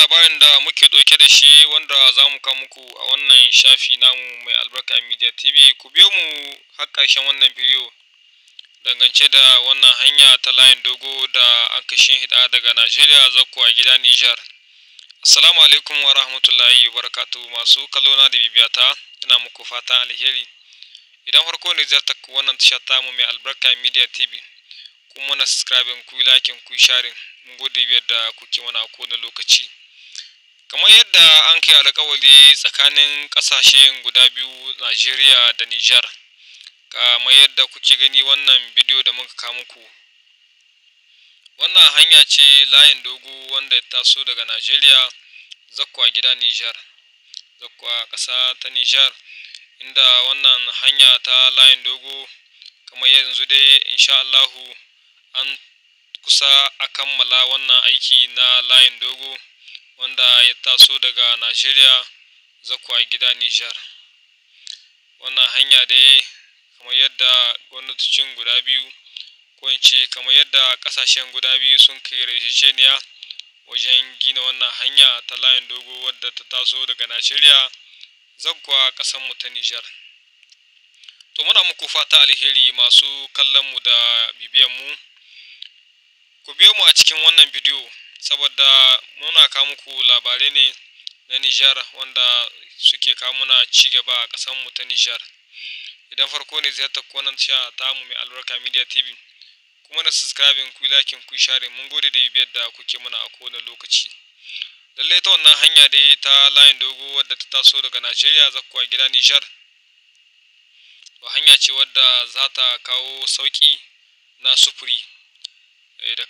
labarin da muke ɗauke da shi wanda za mu kawo muku a wannan shafi namu mai albarka media tv ku biyo mu har wannan bidiyo dangance da wannan hanya ta layin dogo da an kashin hida daga najeriya kuwa gida nijar assalamu alaikum wa rahmatullahi wa masu kallona da bibiyata ina muku fatan alheri idan farko ne ta wannan tasha tamu mai albarka media tv kuma na subscribe ku lakin ku sharing mun gode biyar da kuke mana a kowane lokaci kamar yadda an kai alƙawari tsakanin ƙasashen guda biyu najeriya da nijar kamar yadda kuke gani wannan bidiyo da muka kawo muku wannan hanya ce layin dogo wanda ya taso daga najeriya zakwa gida nijar zakwa ƙasa ta nijar inda wannan hanya ta layin dogo kamar yanzu dai insha allahu an kusa a kammala wannan aiki na layin dogo wanda ya taso daga Najeriya zakwa gida Nijar. Wannan hanya dai kamar yadda gwamnatocin guda biyu ko in ce kamar yadda kasashen guda biyu sun kai yarjejeniya wajen gina wannan hanya ta layin dogo wadda ta taso daga Najeriya zakwa ƙasarmu ta Nijar. To muna muku fata alheri masu kallon mu da bibiyan mu. Ku biyo mu a cikin wannan bidiyo. saboda muna kawo muku labarai ne na Nijar wanda suke kawo muna ci gaba a ƙasarmu ta Nijar. Idan farko ne ziyartar ku wannan tasha ta mu mai albarka Media TV kuma da subscribe ku lakin ku share mun gode da bibiyar da kuke muna a kowane lokaci. Lalle ta wannan hanya dai ta layin dogo wadda ta taso daga Najeriya zakkuwa gida Nijar. To hanya ce wadda za ta kawo sauki na sufuri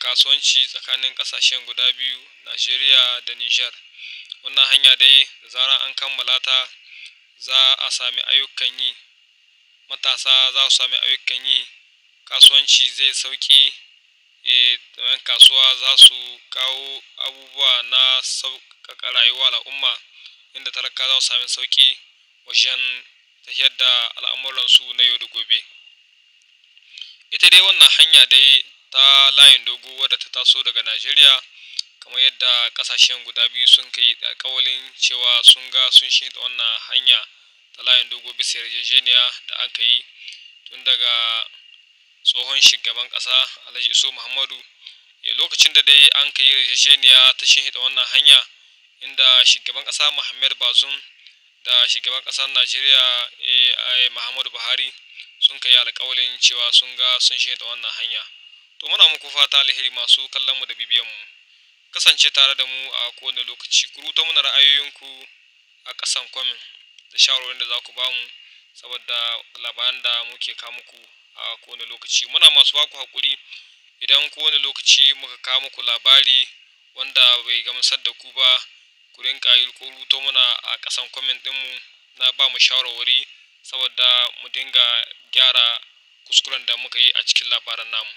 kasuwanci tsakanin ƙasashen guda biyu Najeriya da Nijar. Wannan hanya dai da zarar an kammala ta za a sami ayyukan yi, matasa za su sami ayyukan yi, kasuwanci zai sauƙi, e, eh, ‘yan kasuwa za su kawo abubuwa na sauƙaƙa rayuwa al'umma inda talaka za su sami sauƙi wajen tafiyar da al'amuransu na yau da gobe. Ita dai wannan hanya dai ta layin dogo wadda ta taso daga najeriya kamar yadda kasashen guda biyu sun kai alkawalin cewa sun ga sun shi da wannan hanya ta layin dogo bisa yarjejeniya da aka yi tun daga tsohon shugaban kasa alhaji iso muhammadu eh, lokacin da dai an kai yarjejeniya ta shi da wannan hanya inda shugaban kasa muhammad bazum da shugaban kasar najeriya eh, muhammadu buhari sun kai alkawalin cewa sun ga sun shi da wannan hanya To muna muku fata alheri masu kallon mu da bibiyan mu. Kasance tare da mu a kowane lokaci ku rubuta mana ra'ayoyinku a ƙasan kwamin da shawarwarin da za ku ba mu saboda labaran da muke kawo muku a kowane lokaci. Muna masu baku haƙuri idan kowane lokaci muka kawo muku labari wanda bai gamsar da ku ba ku rinka yi ko rubuto mana a kasan kwamin ɗinmu na ba mu shawarwari saboda mu dinga gyara kuskuren da muka yi a cikin labaran namu.